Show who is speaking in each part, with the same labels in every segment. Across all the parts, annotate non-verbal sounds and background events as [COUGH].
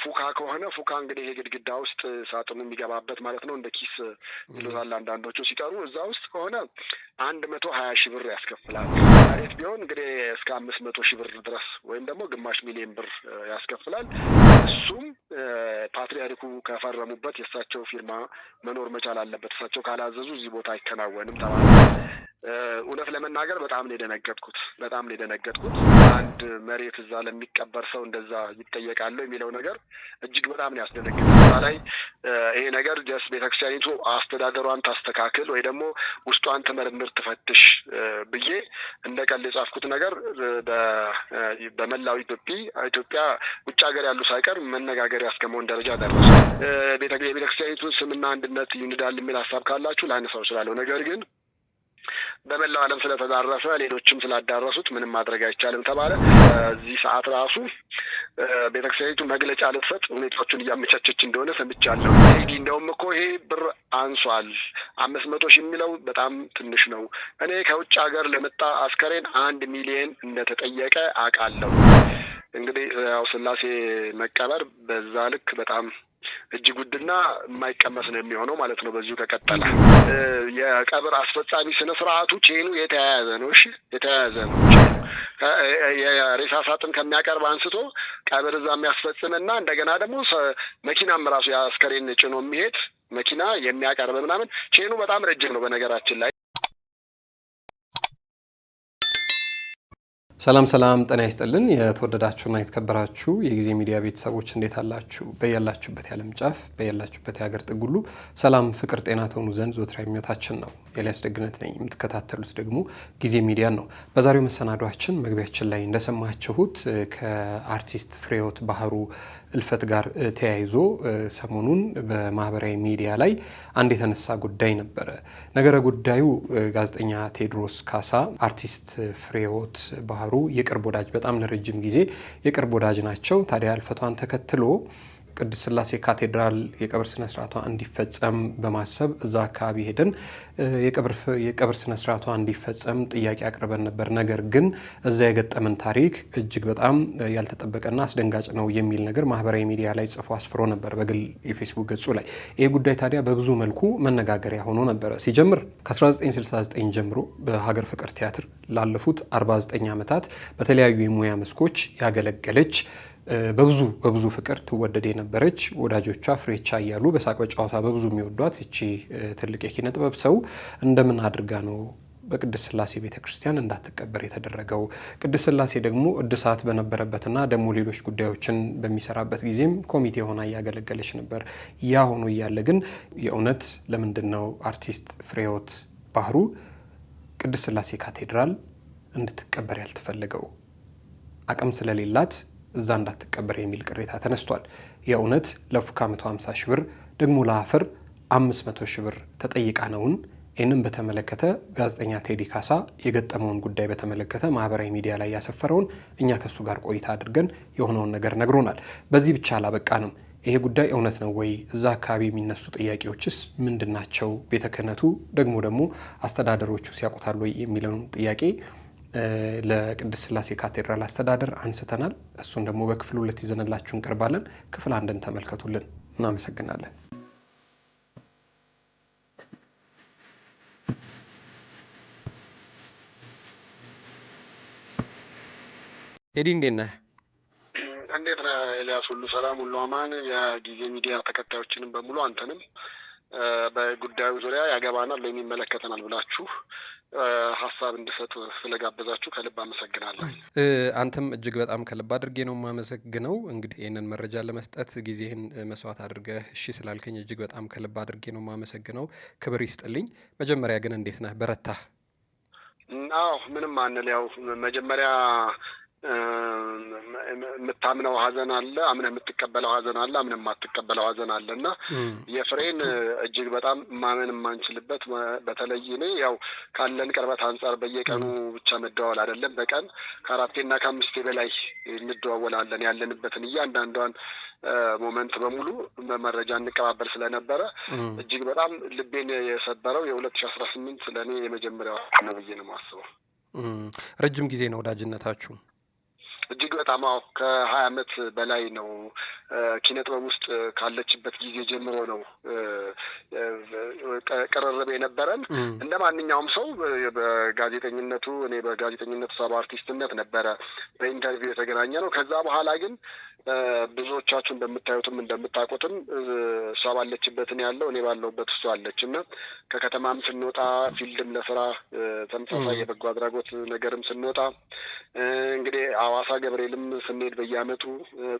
Speaker 1: ፉካ ከሆነ ፉካ እንግዲህ የግድግዳ ውስጥ ሳጥኑ የሚገባበት ማለት ነው። እንደ ኪስ ይሉታል አንዳንዶቹ ሲጠሩ። እዛ ውስጥ ከሆነ አንድ መቶ ሀያ ሺህ ብር ያስከፍላል። መሬት ቢሆን እንግዲህ እስከ አምስት መቶ ሺህ ብር ድረስ ወይም ደግሞ ግማሽ ሚሊዮን ብር ያስከፍላል። እሱም ፓትሪያርኩ ከፈረሙበት የእሳቸው ፊርማ መኖር መቻል አለበት። እሳቸው ካላዘዙ እዚህ ቦታ አይከናወንም ተባለ። እውነት ለመናገር በጣም ነው የደነገጥኩት። በጣም ነው የደነገጥኩት። አንድ መሬት እዛ ለሚቀበር ሰው እንደዛ ይጠየቃለሁ የሚለው ነገር እጅግ በጣም ነው ያስደነግጥ። እዛ ላይ ይሄ ነገር ጀስ ቤተክርስቲያኒቱ አስተዳደሯን ታስተካክል ወይ ደግሞ ውስጧን ትመርምር፣ ትፈትሽ ብዬ እንደ ቀልድ የጻፍኩት ነገር በመላው ኢትዮጵያ ውጭ ሀገር ያሉ ሳይቀር መነጋገሪያ እስከመሆን ደረጃ ደረሰ። የቤተክርስቲያኒቱን ስምና አንድነት ይንዳል የሚል ሀሳብ ካላችሁ ላነሳው እችላለሁ ነገር ግን በመላው ዓለም ስለተዳረሰ ሌሎችም ስላዳረሱት ምንም ማድረግ አይቻልም ተባለ። በዚህ ሰዓት ራሱ ቤተክርስቲያኒቱ መግለጫ ልትሰጥ ሁኔታዎቹን እያመቻቸች እንደሆነ ሰምቻለሁ። ቴዲ እንደውም እኮ ይሄ ብር አንሷል፣ አምስት መቶ ሺህ የሚለው በጣም ትንሽ ነው። እኔ ከውጭ ሀገር ለመጣ አስከሬን አንድ ሚሊየን እንደተጠየቀ አውቃለሁ። እንግዲህ ያው ስላሴ መቀበር በዛ ልክ በጣም እጅግ ውድና የማይቀመስ ነው የሚሆነው ማለት ነው። በዚሁ ከቀጠለ የቀብር አስፈጻሚ ስነ ስርዓቱ ቼኑ የተያያዘ ነው። እሺ የተያያዘ ነው። የሬሳ ሳጥን ከሚያቀርብ አንስቶ ቀብር እዛ የሚያስፈጽምና እንደገና ደግሞ መኪናም ራሱ የአስከሬን ጭኖ የሚሄድ መኪና የሚያቀርብ ምናምን ቼኑ በጣም ረጅም ነው በነገራችን ላይ
Speaker 2: ሰላም ሰላም፣ ጤና ይስጥልን። የተወደዳችሁና የተከበራችሁ የጊዜ ሚዲያ ቤተሰቦች እንዴት አላችሁ? በያላችሁበት የዓለም ጫፍ በያላችሁበት የሀገር ጥጉሉ ሰላም፣ ፍቅር፣ ጤና ትሆኑ ዘንድ ዞትራ ምኞታችን ነው። ኤልያስ ደግነት ነኝ። የምትከታተሉት ደግሞ ጊዜ ሚዲያን ነው። በዛሬው መሰናዷችን መግቢያችን ላይ እንደሰማችሁት ከአርቲስት ፍሬህይወት ባህሩ እልፈት ጋር ተያይዞ ሰሞኑን በማህበራዊ ሚዲያ ላይ አንድ የተነሳ ጉዳይ ነበረ። ነገረ ጉዳዩ ጋዜጠኛ ቴዎድሮስ ካሳ አርቲስት ፍሬህይወት ባህሩ የቅርብ ወዳጅ፣ በጣም ለረጅም ጊዜ የቅርብ ወዳጅ ናቸው። ታዲያ እልፈቷን ተከትሎ ቅድስት ስላሴ ካቴድራል የቀብር ስነ ስርዓቷ እንዲፈጸም በማሰብ እዛ አካባቢ ሄደን የቀብር ስነ ስርዓቷ እንዲፈጸም ጥያቄ አቅርበን ነበር። ነገር ግን እዛ የገጠመን ታሪክ እጅግ በጣም ያልተጠበቀና አስደንጋጭ ነው የሚል ነገር ማህበራዊ ሚዲያ ላይ ጽፎ አስፍሮ ነበር በግል የፌስቡክ ገጹ ላይ። ይህ ጉዳይ ታዲያ በብዙ መልኩ መነጋገሪያ ሆኖ ነበረ። ሲጀምር ከ1969 ጀምሮ በሀገር ፍቅር ቲያትር ላለፉት 49 ዓመታት በተለያዩ የሙያ መስኮች ያገለገለች በብዙ በብዙ ፍቅር ትወደድ የነበረች ወዳጆቿ ፍሬቻ እያሉ በሳቅ በጨዋታ በብዙ የሚወዷት ይቺ ትልቅ የኪነ ጥበብ ሰው እንደምን አድርጋ ነው በቅድስት ስላሴ ቤተ ክርስቲያን እንዳትቀበር የተደረገው? ቅድስት ስላሴ ደግሞ እድሳት በነበረበትና ደግሞ ሌሎች ጉዳዮችን በሚሰራበት ጊዜም ኮሚቴ ሆና እያገለገለች ነበር። ያ ሆኖ እያለ ግን የእውነት ለምንድን ነው አርቲስት ፍሬሕይወት ባህሩ ቅድስት ስላሴ ካቴድራል እንድትቀበር ያልተፈለገው? አቅም ስለሌላት እዛ እንዳትቀበር የሚል ቅሬታ ተነስቷል። የእውነት ለፉካ 150 ሺህ ብር ደግሞ ለአፈር 500 ሺህ ብር ተጠይቃ ነውን? ይህንም በተመለከተ ጋዜጠኛ ቴዲ ካሳ የገጠመውን ጉዳይ በተመለከተ ማህበራዊ ሚዲያ ላይ ያሰፈረውን እኛ ከሱ ጋር ቆይታ አድርገን የሆነውን ነገር ነግሮናል። በዚህ ብቻ አላበቃንም። ይሄ ጉዳይ እውነት ነው ወይ? እዛ አካባቢ የሚነሱ ጥያቄዎችስ ምንድናቸው? ቤተ ክህነቱ ደግሞ ደግሞ አስተዳደሮቹ ሲያውቁታሉ የሚለውን ጥያቄ ለቅድስት ስላሴ ካቴድራል አስተዳደር አንስተናል። እሱን ደግሞ በክፍል ሁለት ይዘንላችሁ እንቀርባለን። ክፍል አንድን ተመልከቱልን። እናመሰግናለን። ኤዲ እንዴት ነህ?
Speaker 1: እንዴት ነህ ኤልያስ? ሁሉ ሰላም፣ ሁሉ አማን። የጊዜ ሚዲያ ተከታዮችንም በሙሉ አንተንም በጉዳዩ ዙሪያ ያገባናል ወይም ይመለከተናል ብላችሁ ሀሳብ እንድሰጥ ስለጋበዛችሁ ከልብ አመሰግናለሁ።
Speaker 2: አንተም እጅግ በጣም ከልብ አድርጌ ነው የማመሰግነው። እንግዲህ ይህንን መረጃ ለመስጠት ጊዜህን መስዋዕት አድርገህ እሺ ስላልከኝ እጅግ በጣም ከልብ አድርጌ ነው የማመሰግነው። ክብር ይስጥልኝ። መጀመሪያ ግን እንዴት ነህ? በረታህ?
Speaker 1: አዎ ምንም አንል ያው መጀመሪያ የምታምነው ሀዘን አለ፣ አምነህ የምትቀበለው ሀዘን አለ፣ አምነህ የማትቀበለው ሀዘን አለ እና የፍሬን እጅግ በጣም ማመን የማንችልበት በተለይ እኔ ያው ካለን ቅርበት አንጻር በየቀኑ ብቻ መደዋወል አይደለም፣ በቀን ከአራቴና ከአምስቴ በላይ እንደዋወላለን ያለንበትን እያንዳንዷን ሞመንት በሙሉ በመረጃ እንቀባበል ስለነበረ እጅግ በጣም ልቤን የሰበረው የሁለት ሺ አስራ ስምንት ለእኔ የመጀመሪያው ነው ብዬ ነው
Speaker 2: የማስበው። ረጅም ጊዜ ነው ወዳጅነታችሁ?
Speaker 1: እጅግ በጣም አዎ ከሀያ አመት በላይ ነው ኪነ ጥበብ ውስጥ ካለችበት ጊዜ ጀምሮ ነው ቅርርብ የነበረን። እንደ ማንኛውም ሰው በጋዜጠኝነቱ እኔ በጋዜጠኝነቱ ሰብ አርቲስትነት ነበረ በኢንተርቪው የተገናኘ ነው። ከዛ በኋላ ግን ብዙዎቻችሁ እንደምታዩትም እንደምታውቁትም እሷ ባለችበትን ያለው እኔ ባለውበት እሷ አለች እና ከከተማም ስንወጣ ፊልድም ለስራ ተመሳሳይ የበጎ አድራጎት ነገርም ስንወጣ እንግዲህ አዋሳ ገብርኤልም ስንሄድ በየአመቱ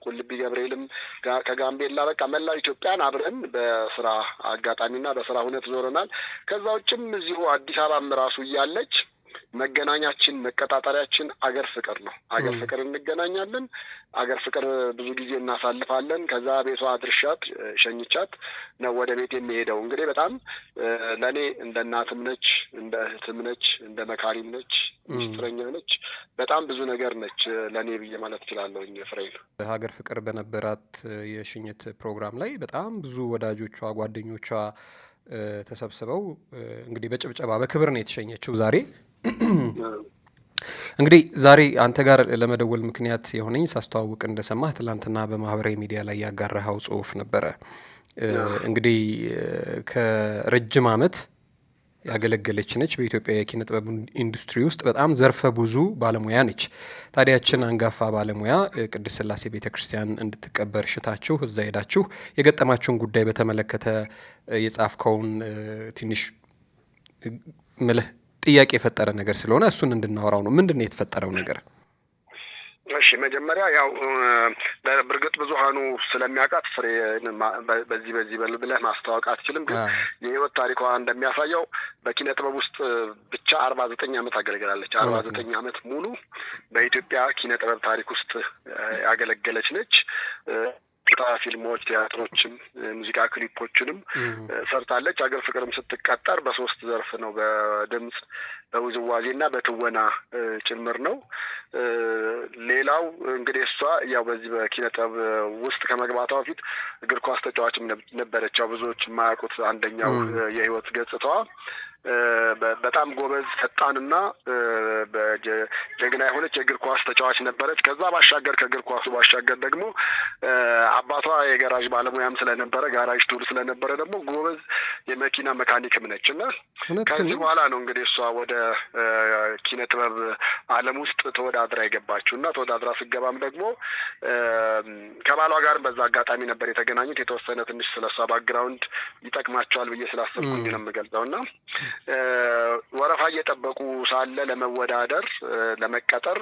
Speaker 1: ቁልቢ ገብርኤልም ከጋምቤላ በቃ መላ ኢትዮጵያን አብረን በስራ አጋጣሚና በስራ ሁነት ዞረናል። ከዛ ውጭም እዚሁ አዲስ አበባም ራሱ እያለች መገናኛችን መቀጣጠሪያችን አገር ፍቅር ነው። አገር ፍቅር እንገናኛለን። አገር ፍቅር ብዙ ጊዜ እናሳልፋለን። ከዛ ቤቷ አድርሻት ሸኝቻት ነው ወደ ቤት የሚሄደው። እንግዲህ በጣም ለእኔ እንደ እናትም ነች፣ እንደ እህትም ነች፣ እንደ መካሪም ነች፣ ሚስጥረኛ ነች። በጣም ብዙ ነገር ነች ለእኔ ብዬ ማለት እችላለሁኝ። ፍሬን
Speaker 2: ሀገር ፍቅር በነበራት የሽኝት ፕሮግራም ላይ በጣም ብዙ ወዳጆቿ ጓደኞቿ ተሰብስበው እንግዲህ በጭብጨባ በክብር ነው የተሸኘችው ዛሬ [CLEARS THROAT] እንግዲህ ዛሬ አንተ ጋር ለመደወል ምክንያት የሆነኝ ሳስተዋውቅ እንደሰማህ ትላንትና በማህበራዊ ሚዲያ ላይ ያጋራኸው ጽሁፍ ነበረ። እንግዲህ ከረጅም ዓመት ያገለገለች ነች። በኢትዮጵያ የኪነ ጥበብ ኢንዱስትሪ ውስጥ በጣም ዘርፈ ብዙ ባለሙያ ነች። ታዲያችን አንጋፋ ባለሙያ ቅድስት ስላሴ ቤተ ክርስቲያን እንድትቀበር ሽታችሁ እዛ ሄዳችሁ የገጠማችሁን ጉዳይ በተመለከተ የጻፍከውን ትንሽ ምልህ ጥያቄ የፈጠረ ነገር ስለሆነ እሱን እንድናወራው ነው። ምንድን ነው የተፈጠረው ነገር?
Speaker 1: እሺ መጀመሪያ ያው በእርግጥ ብዙሀኑ ስለሚያውቃት ፍሬ በዚህ በዚህ በል ብለህ ማስተዋወቅ አትችልም። ግን የህይወት ታሪኳ እንደሚያሳየው በኪነ ጥበብ ውስጥ ብቻ አርባ ዘጠኝ ዓመት አገልግላለች። አርባ ዘጠኝ ዓመት ሙሉ በኢትዮጵያ ኪነ ጥበብ ታሪክ ውስጥ ያገለገለች ነች። ቂጣ ፊልሞች፣ ቲያትሮችም፣ ሙዚቃ ክሊፖችንም ሰርታለች። ሀገር ፍቅርም ስትቀጠር በሶስት ዘርፍ ነው በድምፅ በውዝዋዜና በትወና ጭምር ነው። ሌላው እንግዲህ እሷ ያው በዚህ በኪነ ውስጥ ከመግባቷ በፊት እግር ኳስ ተጫዋችም ነበረች። ያው ብዙዎች የማያውቁት አንደኛው የህይወት ገጽታዋ በጣም ጎበዝ ፈጣንና ጀግና የሆነች የእግር ኳስ ተጫዋች ነበረች። ከዛ ባሻገር ከእግር ኳሱ ባሻገር ደግሞ አባቷ የጋራዥ ባለሙያም ስለነበረ ጋራዥ ቱር ስለነበረ ደግሞ ጎበዝ የመኪና መካኒክም ነች እና ከዚህ በኋላ ነው እንግዲህ እሷ ወደ ኪነ ጥበብ ዓለም ውስጥ ተወዳድራ የገባችው እና ተወዳድራ ስገባም ደግሞ ከባሏ ጋርም በዛ አጋጣሚ ነበር የተገናኙት። የተወሰነ ትንሽ ስለሷ ባክግራውንድ ይጠቅማቸዋል ብዬ ስላሰብኩኝ ነው የምገልጸው እና ወረፋ እየጠበቁ ሳለ ለመወዳደር ለመቀጠር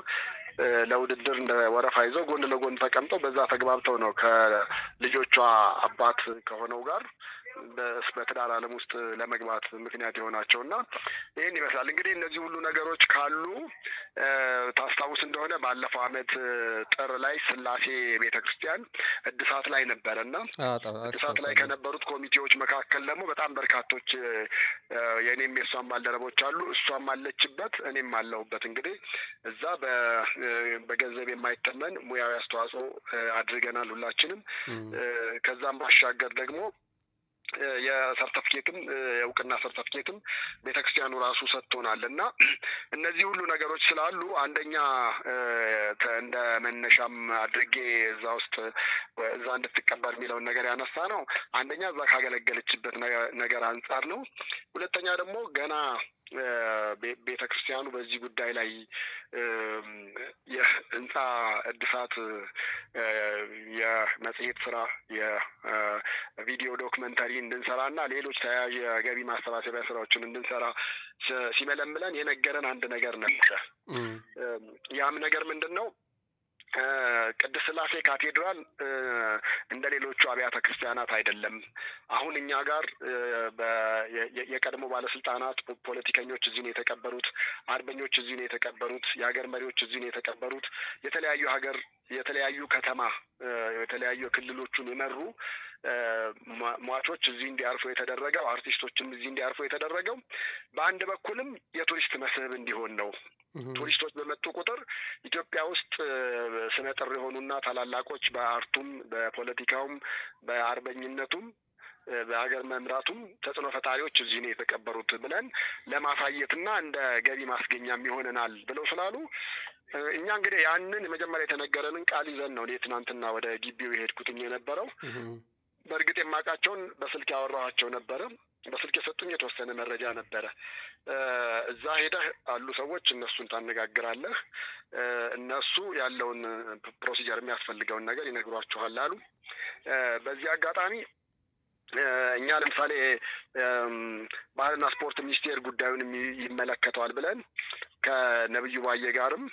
Speaker 1: ለውድድር እንደ ወረፋ ይዘው ጎን ለጎን ተቀምጠው በዛ ተግባብተው ነው ከልጆቿ አባት ከሆነው ጋር በትዳር ዓለም ውስጥ ለመግባት ምክንያት የሆናቸው እና ይህን ይመስላል እንግዲህ እነዚህ ሁሉ ነገሮች ካሉ ታስታውስ እንደሆነ ባለፈው ዓመት ጥር ላይ ስላሴ ቤተ ክርስቲያን እድሳት ላይ ነበረ እና እድሳት ላይ ከነበሩት ኮሚቴዎች መካከል ደግሞ በጣም በርካቶች የእኔም የእሷም ባልደረቦች አሉ። እሷም አለችበት፣ እኔም አለሁበት። እንግዲህ እዛ በገንዘብ የማይተመን ሙያዊ አስተዋጽኦ አድርገናል ሁላችንም። ከዛም ባሻገር ደግሞ የሰርተፍኬትም የእውቅና ሰርተፍኬትም ቤተክርስቲያኑ ራሱ ሰጥቶናል እና እነዚህ ሁሉ ነገሮች ስላሉ አንደኛ እንደ መነሻም አድርጌ እዛ ውስጥ እዛ እንድትቀበር የሚለውን ነገር ያነሳ ነው። አንደኛ እዛ ካገለገለችበት ነገር አንጻር ነው። ሁለተኛ ደግሞ ገና ቤተ ክርስቲያኑ በዚህ ጉዳይ ላይ የህንፃ እድሳት፣ የመጽሔት ስራ፣ የቪዲዮ ዶክመንተሪ እንድንሰራ እና ሌሎች ተያያዥ የገቢ ማሰባሰቢያ ስራዎችን እንድንሰራ ሲመለምለን የነገረን አንድ ነገር ነበረ። ያም ነገር ምንድን ነው? ቅድስት ስላሴ ካቴድራል እንደ ሌሎቹ አብያተ ክርስቲያናት አይደለም። አሁን እኛ ጋር የቀድሞ ባለስልጣናት፣ ፖለቲከኞች እዚህ ነው የተቀበሩት። አርበኞች እዚህ ነው የተቀበሩት። የሀገር መሪዎች እዚህ ነው የተቀበሩት። የተለያዩ ሀገር የተለያዩ ከተማ የተለያዩ ክልሎቹን የመሩ ሟቾች እዚህ እንዲያርፉ የተደረገው አርቲስቶችም እዚህ እንዲያርፉ የተደረገው በአንድ በኩልም የቱሪስት መስህብ እንዲሆን ነው። ቱሪስቶች በመጡ ቁጥር ኢትዮጵያ ውስጥ ስነ ጥር የሆኑና ታላላቆች በአርቱም፣ በፖለቲካውም፣ በአርበኝነቱም በሀገር መምራቱም ተጽዕኖ ፈጣሪዎች እዚህ ነው የተቀበሩት ብለን ለማሳየትና እንደ ገቢ ማስገኛም ይሆነናል ብለው ስላሉ እኛ እንግዲህ ያንን መጀመሪያ የተነገረንን ቃል ይዘን ነው እኔ ትናንትና ወደ ግቢው የሄድኩትኝ የነበረው። በእርግጥ የማውቃቸውን በስልክ ያወራኋቸው ነበረ። በስልክ የሰጡኝ የተወሰነ መረጃ ነበረ። እዛ ሄደህ አሉ ሰዎች፣ እነሱን ታነጋግራለህ። እነሱ ያለውን ፕሮሲጀር የሚያስፈልገውን ነገር ይነግሯችኋል አሉ። በዚህ አጋጣሚ እኛ ለምሳሌ ባህልና ስፖርት ሚኒስቴር ጉዳዩን ይመለከተዋል ብለን ከነብዩ ባየ ጋርም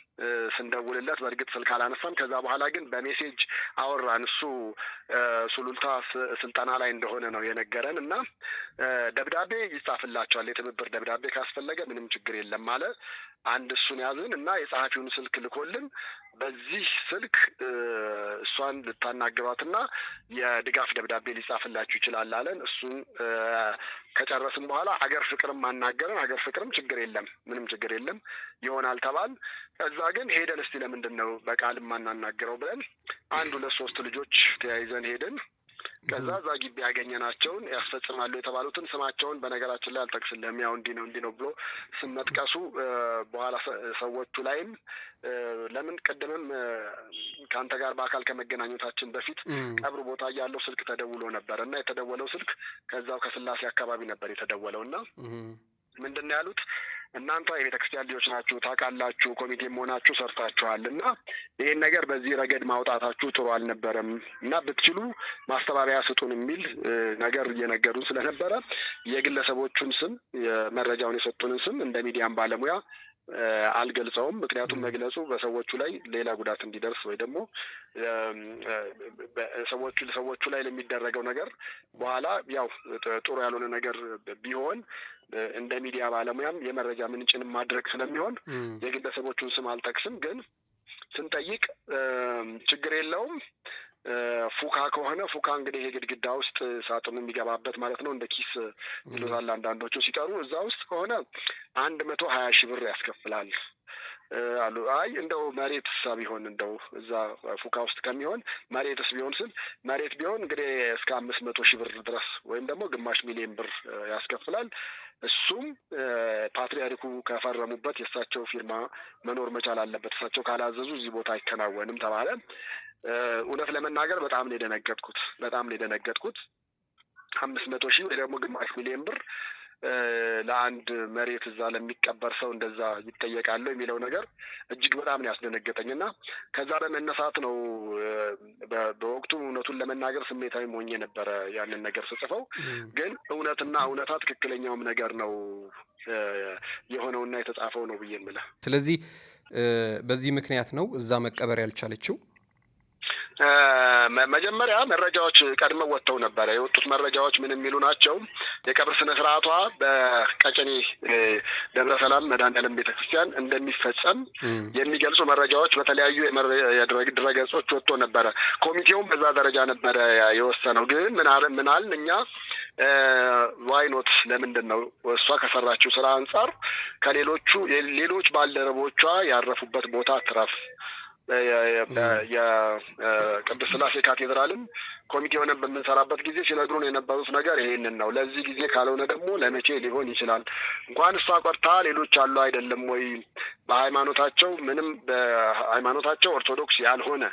Speaker 1: ስንደውልለት በእርግጥ ስልክ አላነሳም። ከዛ በኋላ ግን በሜሴጅ አወራን። እሱ ሱሉልታ ስልጠና ላይ እንደሆነ ነው የነገረን እና ደብዳቤ ይጻፍላቸዋል የትብብር ደብዳቤ ካስፈለገ ምንም ችግር የለም አለ። አንድ እሱን ያዝን እና የጸሐፊውን ስልክ ልኮልን በዚህ ስልክ እሷን ልታናግሯትና የድጋፍ ደብዳቤ ሊጻፍላችሁ ይችላል አለን። እሱን ከጨረስን በኋላ ሀገር ፍቅርም አናገረን። ሀገር ፍቅርም ችግር የለም ምንም ችግር የለም ይሆናል ተባል። ከዛ ግን ሄደን እስቲ ለምንድን ነው በቃል የማናናግረው ብለን አንድ ሁለት ሶስት ልጆች ተያይዘን ሄደን ከዛ እዛ ግቢ ያገኘናቸውን ያስፈጽማሉ የተባሉትን ስማቸውን በነገራችን ላይ አልጠቅስልህም። ያው እንዲህ ነው እንዲህ ነው ብሎ ስም መጥቀሱ በኋላ ሰዎቹ ላይም ለምን ቅድምም ከአንተ ጋር በአካል ከመገናኘታችን በፊት ቀብር ቦታ እያለው ስልክ ተደውሎ ነበር እና የተደወለው ስልክ ከዛው ከስላሴ አካባቢ ነበር የተደወለው እና ምንድን ነው ያሉት? እናንተ የቤተ ክርስቲያን ልጆች ናችሁ፣ ታውቃላችሁ፣ ኮሚቴ መሆናችሁ ሰርታችኋል እና ይህን ነገር በዚህ ረገድ ማውጣታችሁ ጥሩ አልነበረም እና ብትችሉ ማስተባበያ ስጡን የሚል ነገር እየነገሩን ስለነበረ የግለሰቦቹን ስም፣ መረጃውን የሰጡንን ስም እንደ ሚዲያም ባለሙያ አልገልጸውም። ምክንያቱም መግለጹ በሰዎቹ ላይ ሌላ ጉዳት እንዲደርስ ወይ ደግሞ ሰዎቹ ሰዎቹ ላይ ለሚደረገው ነገር በኋላ ያው ጥሩ ያልሆነ ነገር ቢሆን እንደ ሚዲያ ባለሙያም የመረጃ ምንጭን ማድረግ ስለሚሆን የግለሰቦቹን ስም አልጠቅስም ግን ስንጠይቅ ችግር የለውም ፉካ ከሆነ ፉካ እንግዲህ የግድግዳ ግድግዳ ውስጥ ሳጥኑ የሚገባበት ማለት ነው። እንደ ኪስ ይሉታል አንዳንዶቹ ሲጠሩ። እዛ ውስጥ ከሆነ አንድ መቶ ሀያ ሺህ ብር ያስከፍላል አሉ። አይ እንደው መሬት ሳ ቢሆን እንደው እዛ ፉካ ውስጥ ከሚሆን መሬትስ ቢሆን ስል መሬት ቢሆን እንግዲህ እስከ አምስት መቶ ሺህ ብር ድረስ ወይም ደግሞ ግማሽ ሚሊዮን ብር ያስከፍላል። እሱም ፓትሪያርኩ ከፈረሙበት የእሳቸው ፊርማ መኖር መቻል አለበት። እሳቸው ካላዘዙ እዚህ ቦታ አይከናወንም ተባለ። እውነት ለመናገር በጣም ነው የደነገጥኩት። በጣም ነው የደነገጥኩት። አምስት መቶ ሺህ ወይ ደግሞ ግማሽ ሚሊዮን ብር ለአንድ መሬት እዛ ለሚቀበር ሰው እንደዛ ይጠየቃሉ የሚለው ነገር እጅግ በጣም ነው ያስደነገጠኝ እና ከዛ በመነሳት ነው በወቅቱ እውነቱን ለመናገር ስሜታዊ ሆኜ ነበረ ያንን ነገር ስጽፈው። ግን እውነትና እውነታ ትክክለኛውም ነገር ነው የሆነውና የተጻፈው ነው ብዬ ምለ
Speaker 2: ስለዚህ በዚህ ምክንያት ነው እዛ መቀበር ያልቻለችው።
Speaker 1: መጀመሪያ መረጃዎች ቀድመው ወጥተው ነበረ። የወጡት መረጃዎች ምን የሚሉ ናቸው? የቀብር ስነ ስርዓቷ በቀጨኔ ደብረ ሰላም መድኃኔዓለም ቤተክርስቲያን እንደሚፈጸም የሚገልጹ መረጃዎች በተለያዩ ድረገጾች ወጥቶ ነበረ። ኮሚቴውም በዛ ደረጃ ነበረ የወሰነው። ግን ምናል እኛ ዋይኖት ለምንድን ነው እሷ ከሰራችው ስራ አንጻር ከሌሎቹ ሌሎች ባልደረቦቿ ያረፉበት ቦታ ትረፍ የቅዱስ ስላሴ ካቴድራልን ኮሚቴ ሆነን በምንሰራበት ጊዜ ሲነግሩን የነበሩት ነገር ይሄንን ነው። ለዚህ ጊዜ ካልሆነ ደግሞ ለመቼ ሊሆን ይችላል? እንኳን እሷ ቆርታ ሌሎች አሉ አይደለም ወይ በሃይማኖታቸው ምንም በሃይማኖታቸው ኦርቶዶክስ ያልሆነ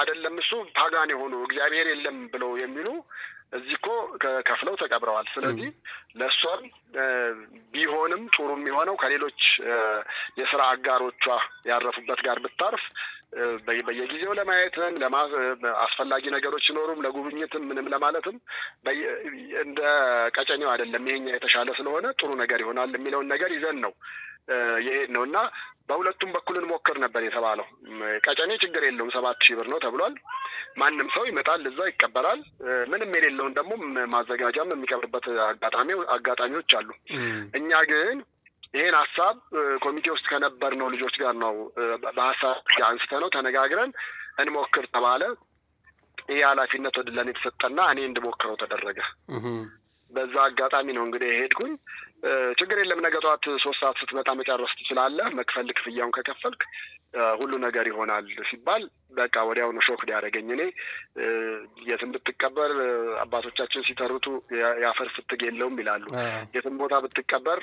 Speaker 1: አይደለም እሱ ፓጋን የሆኑ እግዚአብሔር የለም ብለው የሚሉ እዚህ እኮ ከፍለው ተቀብረዋል። ስለዚህ ለእሷም ቢሆንም ጥሩ የሚሆነው ከሌሎች የስራ አጋሮቿ ያረፉበት ጋር ብታርፍ በየጊዜው ለማየትም አስፈላጊ ነገሮች ሲኖሩም ለጉብኝትም ምንም ለማለትም እንደ ቀጨኔው አይደለም። ይሄኛ የተሻለ ስለሆነ ጥሩ ነገር ይሆናል የሚለውን ነገር ይዘን ነው የሄድ ነው እና በሁለቱም በኩል እንሞክር ነበር የተባለው። ቀጨኔ ችግር የለውም ሰባት ሺህ ብር ነው ተብሏል። ማንም ሰው ይመጣል፣ እዛ ይቀበላል። ምንም የሌለውን ደግሞ ማዘጋጃም የሚቀብርበት አጋጣሚ አጋጣሚዎች አሉ። እኛ ግን ይህን ሀሳብ ኮሚቴ ውስጥ ከነበር ነው ልጆች ጋር ነው በሀሳብ አንስተ ነው ተነጋግረን እንሞክር ተባለ። ይህ ኃላፊነት ወደ ለእኔ የተሰጠና እኔ እንድሞክረው ተደረገ። በዛ አጋጣሚ ነው እንግዲህ የሄድኩኝ። ችግር የለም ነገ ጠዋት ሶስት ሰዓት ስትመጣ መጨረስ ትችላለህ፣ መክፈል ክፍያውን ከከፈልክ ሁሉ ነገር ይሆናል ሲባል በቃ ወዲያውኑ ሾክ ሊያደረገኝ እኔ የትም ብትቀበር አባቶቻችን ሲተርቱ የአፈር ፍትግ የለውም ይላሉ። የትም ቦታ ብትቀበር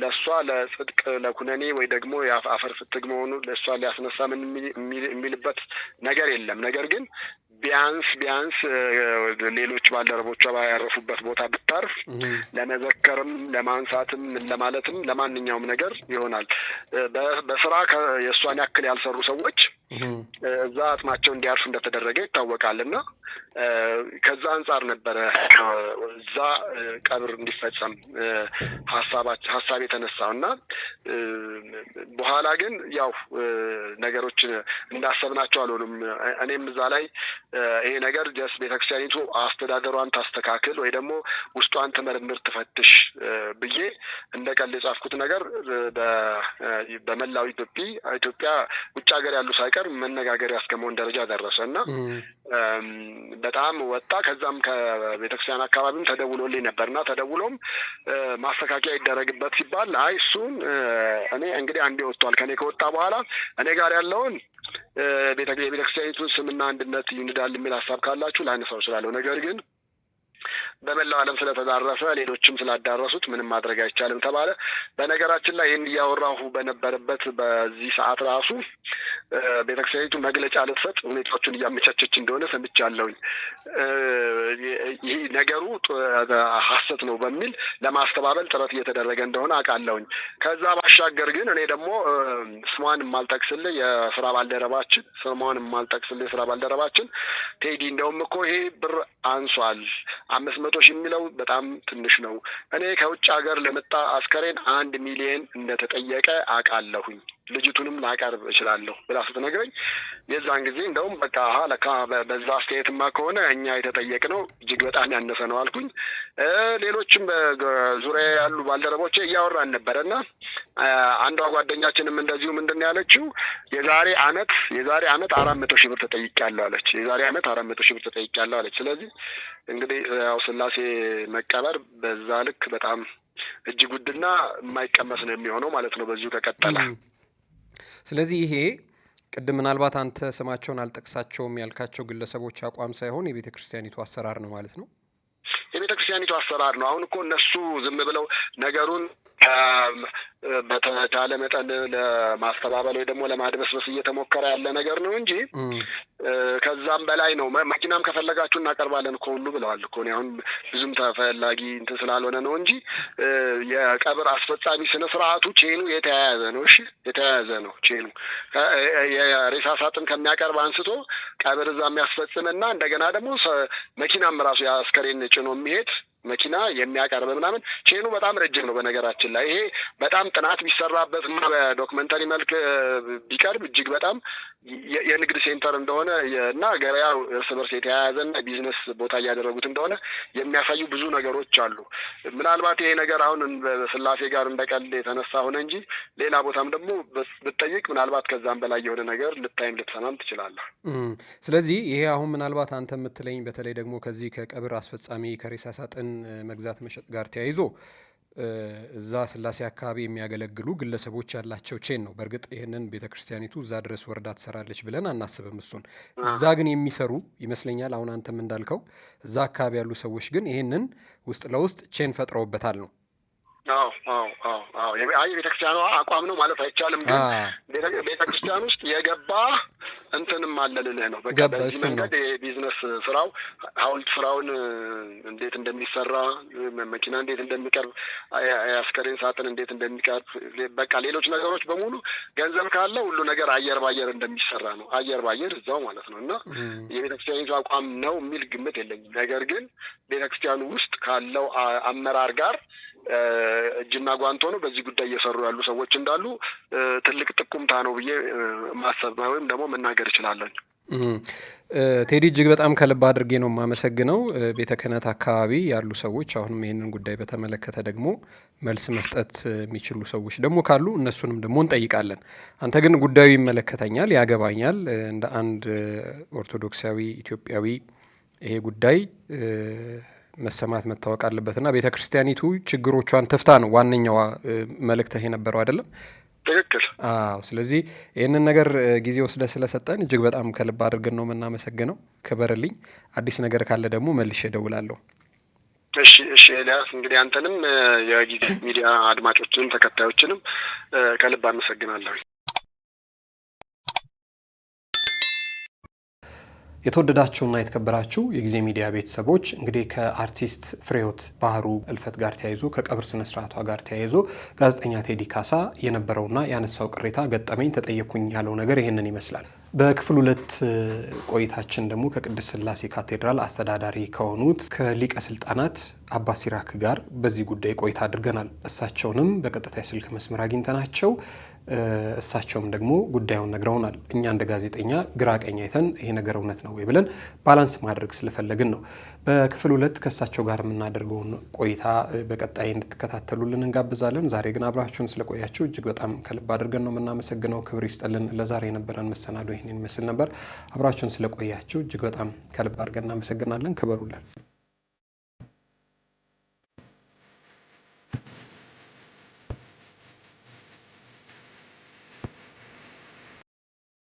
Speaker 1: ለእሷ ለጽድቅ ለኩነኔ ወይ ደግሞ የአፈር ፍትግ መሆኑ ለእሷ ሊያስነሳ ምን የሚልበት ነገር የለም። ነገር ግን ቢያንስ ቢያንስ ሌሎች ባልደረቦቿ ባያረፉበት ቦታ ብታርፍ ለመዘከርም ለማንሳትም ለማለትም ለማንኛውም ነገር ይሆናል። በስራ የእሷን ያክል ያልሰሩ ሰዎች እዛ አጥማቸው እንዲያርፍ እንደተደረገ ይታወቃል እና ከዛ አንጻር ነበረ እዛ ቀብር እንዲፈጸም ሀሳብ የተነሳው እና በኋላ ግን ያው ነገሮችን እንዳሰብናቸው አልሆኑም። እኔም እዛ ላይ ይሄ ነገር ጀስት ቤተክርስቲያኒቱ አስተዳደሯን ታስተካክል ወይ ደግሞ ውስጧን ትመርምር፣ ትፈትሽ ብዬ እንደ ቀልድ የጻፍኩት ነገር በመላው ኢትዮጵያ ውጭ ሀገር ያሉ ሳይቀር መነጋገሪያ እስከመሆን ደረጃ ደረሰ እና በጣም ወጣ። ከዛም ከቤተክርስቲያን አካባቢም ተደውሎልኝ ነበር እና ተደውሎም ማስተካከያ ይደረግበት ሲባል አይ እሱን እኔ እንግዲህ አንዴ ወጥቷል። ከኔ ከወጣ በኋላ እኔ ጋር ያለውን የቤተክርስቲያኒቱን ስምና አንድነት ይንዳል የሚል ሀሳብ ካላችሁ ላነሳው እችላለሁ። ነገር ግን በመላው ዓለም ስለተዳረሰ ሌሎችም ስላዳረሱት ምንም ማድረግ አይቻልም ተባለ። በነገራችን ላይ ይህን እያወራሁ በነበረበት በዚህ ሰዓት ራሱ ቤተክርስቲያኒቱ መግለጫ ልትሰጥ ሁኔታዎቹን እያመቻቸች እንደሆነ ሰምቻለሁኝ። ይህ ነገሩ ሐሰት ነው በሚል ለማስተባበል ጥረት እየተደረገ እንደሆነ አውቃለሁኝ። ከዛ ባሻገር ግን እኔ ደግሞ ስሟን የማልጠቅስልህ የስራ ባልደረባችን ስሟን የማልጠቅስልህ የስራ ባልደረባችን ቴዲ እንደውም እኮ ይሄ ብር አንሷል አምስት መቶ መቶ ሺህ የሚለው በጣም ትንሽ ነው። እኔ ከውጭ ሀገር ለመጣ አስከሬን አንድ ሚሊየን እንደተጠየቀ አውቃለሁኝ። ልጅቱንም ላቀርብ እችላለሁ ብላ ስትነግረኝ የዛን ጊዜ እንደውም በቃ ለካ በዛ አስተያየትማ ከሆነ እኛ የተጠየቅነው እጅግ በጣም ያነሰ ነው አልኩኝ። ሌሎችም ዙሪያ ያሉ ባልደረቦች እያወራን እና አንዷ ጓደኛችንም እንደዚሁ ምንድን ነው ያለችው የዛሬ አመት የዛሬ አመት አራት መቶ ሺህ ብር ተጠይቄያለሁ አለች። የዛሬ አመት አራት መቶ ሺህ ብር ተጠይቄያለሁ አለች። ስለዚህ እንግዲህ ያው ስላሴ መቀበር በዛ ልክ በጣም እጅግ ውድና የማይቀመስ ነው የሚሆነው ማለት ነው በዚሁ ከቀጠለ
Speaker 2: ስለዚህ ይሄ ቅድም ምናልባት አንተ ስማቸውን አልጠቅሳቸውም ያልካቸው ግለሰቦች አቋም ሳይሆን የቤተ ክርስቲያኒቱ አሰራር ነው ማለት ነው።
Speaker 1: የቤተ ክርስቲያኒቱ አሰራር ነው። አሁን እኮ እነሱ ዝም ብለው ነገሩን በተቻለ መጠን ለማስተባበል ወይ ደግሞ ለማድበስበስ እየተሞከረ ያለ ነገር ነው እንጂ ከዛም በላይ ነው። መኪናም ከፈለጋችሁ እናቀርባለን እኮ ሁሉ ብለዋል እኮ አሁን ብዙም ተፈላጊ እንትን ስላልሆነ ነው እንጂ የቀብር አስፈጻሚ ስነ ስርዓቱ ቼኑ የተያያዘ ነው። እሺ የተያያዘ ነው ቼኑ የሬሳ ሳጥን ከሚያቀርብ አንስቶ ቀብር እዛ የሚያስፈጽምና እንደገና ደግሞ መኪናም ራሱ የአስከሬን ጭኖ የሚሄድ መኪና የሚያቀርብ ምናምን ቼኑ በጣም ረጅም ነው። በነገራችን ላይ ይሄ በጣም ጥናት ቢሰራበት እና በዶክመንተሪ መልክ ቢቀርብ እጅግ በጣም የንግድ ሴንተር እንደሆነ እና ገበያው እርስ በርስ የተያያዘ እና ቢዝነስ ቦታ እያደረጉት እንደሆነ የሚያሳዩ ብዙ ነገሮች አሉ። ምናልባት ይሄ ነገር አሁን በስላሴ ጋር እንደቀል የተነሳ ሆነ እንጂ ሌላ ቦታም ደግሞ ብትጠይቅ ምናልባት ከዛም በላይ የሆነ ነገር ልታይም ልትሰማም ትችላለህ።
Speaker 2: ስለዚህ ይሄ አሁን ምናልባት አንተ የምትለኝ በተለይ ደግሞ ከዚህ ከቀብር አስፈጻሚ ከሬሳ ሳጥን መግዛት መሸጥ ጋር ተያይዞ እዛ ስላሴ አካባቢ የሚያገለግሉ ግለሰቦች ያላቸው ቼን ነው። በእርግጥ ይህንን ቤተ ክርስቲያኒቱ እዛ ድረስ ወርዳ ትሰራለች ብለን አናስብም። እሱን እዛ ግን የሚሰሩ ይመስለኛል። አሁን አንተም እንዳልከው እዛ አካባቢ ያሉ ሰዎች ግን ይህንን ውስጥ ለውስጥ ቼን ፈጥረውበታል ነው
Speaker 1: የቤተ አቋም ነው ማለት አይቻልም። ግን ቤተክርስቲያን ውስጥ የገባ እንትንም አለልልህ ነው። በዚህ መንገድ የቢዝነስ ስራው ሀውልት ስራውን እንዴት እንደሚሰራ መኪና እንዴት እንደሚቀርብ፣ የአስከሬን ሳጥን እንዴት እንደሚቀርብ፣ በቃ ሌሎች ነገሮች በሙሉ ገንዘብ ካለ ሁሉ ነገር አየር ባየር እንደሚሰራ ነው። አየር ባየር እዛው ማለት ነው። እና የቤተ አቋም ነው የሚል ግምት የለኝም። ነገር ግን ቤተክርስቲያኑ ውስጥ ካለው አመራር ጋር እጅና ጓንት ሆነው በዚህ ጉዳይ እየሰሩ ያሉ ሰዎች እንዳሉ ትልቅ ጥቁምታ ነው ብዬ ማሰብ ወይም ደግሞ መናገር እችላለሁ።
Speaker 2: ቴዲ እጅግ በጣም ከልብ አድርጌ ነው የማመሰግነው። ቤተ ክህነት አካባቢ ያሉ ሰዎች አሁንም ይህንን ጉዳይ በተመለከተ ደግሞ መልስ መስጠት የሚችሉ ሰዎች ደግሞ ካሉ እነሱንም ደግሞ እንጠይቃለን። አንተ ግን ጉዳዩ ይመለከተኛል፣ ያገባኛል እንደ አንድ ኦርቶዶክሳዊ ኢትዮጵያዊ ይሄ ጉዳይ መሰማት መታወቅ አለበትና ቤተ ክርስቲያኒቱ ችግሮቿን ትፍታ ነው ዋነኛዋ መልእክትህ የነበረው አይደለም? ትክክል። አዎ። ስለዚህ ይህንን ነገር ጊዜ ወስደ ስለሰጠን እጅግ በጣም ከልብ አድርገን ነው የምናመሰግነው። ክበርልኝ። አዲስ ነገር ካለ ደግሞ መልሼ እደውላለሁ።
Speaker 1: እሺ፣ እሺ ኤልያስ፣ እንግዲህ አንተንም የጊዜ ሚዲያ አድማጮችንም ተከታዮችንም ከልብ አመሰግናለሁ።
Speaker 2: የተወደዳችሁና የተከበራችሁ የጊዜ ሚዲያ ቤተሰቦች እንግዲህ ከአርቲስት ፍሬህይወት ባህሩ እልፈት ጋር ተያይዞ ከቀብር ስነስርዓቷ ጋር ተያይዞ ጋዜጠኛ ቴዲ ካሳ የነበረውና ያነሳው ቅሬታ ገጠመኝ ተጠየኩኝ ያለው ነገር ይህንን ይመስላል። በክፍል ሁለት ቆይታችን ደግሞ ከቅድስት ስላሴ ካቴድራል አስተዳዳሪ ከሆኑት ከሊቀ ስልጣናት አባ ሲራክ ጋር በዚህ ጉዳይ ቆይታ አድርገናል። እሳቸውንም በቀጥታ የስልክ መስመር አግኝተናቸው እሳቸውም ደግሞ ጉዳዩን ነግረውናል። እኛ እንደ ጋዜጠኛ ግራ ቀኝ አይተን ይሄ ነገር እውነት ነው ወይ ብለን ባላንስ ማድረግ ስለፈለግን ነው። በክፍል ሁለት ከእሳቸው ጋር የምናደርገውን ቆይታ በቀጣይ እንድትከታተሉልን እንጋብዛለን። ዛሬ ግን አብራችሁን ስለቆያችሁ እጅግ በጣም ከልብ አድርገን ነው የምናመሰግነው። ክብር ይስጠልን። ለዛሬ የነበረን መሰናዶ ይህን ይመስል ነበር። አብራችሁን ስለቆያችሁ እጅግ በጣም ከልብ አድርገን እናመሰግናለን። ክበሩልን።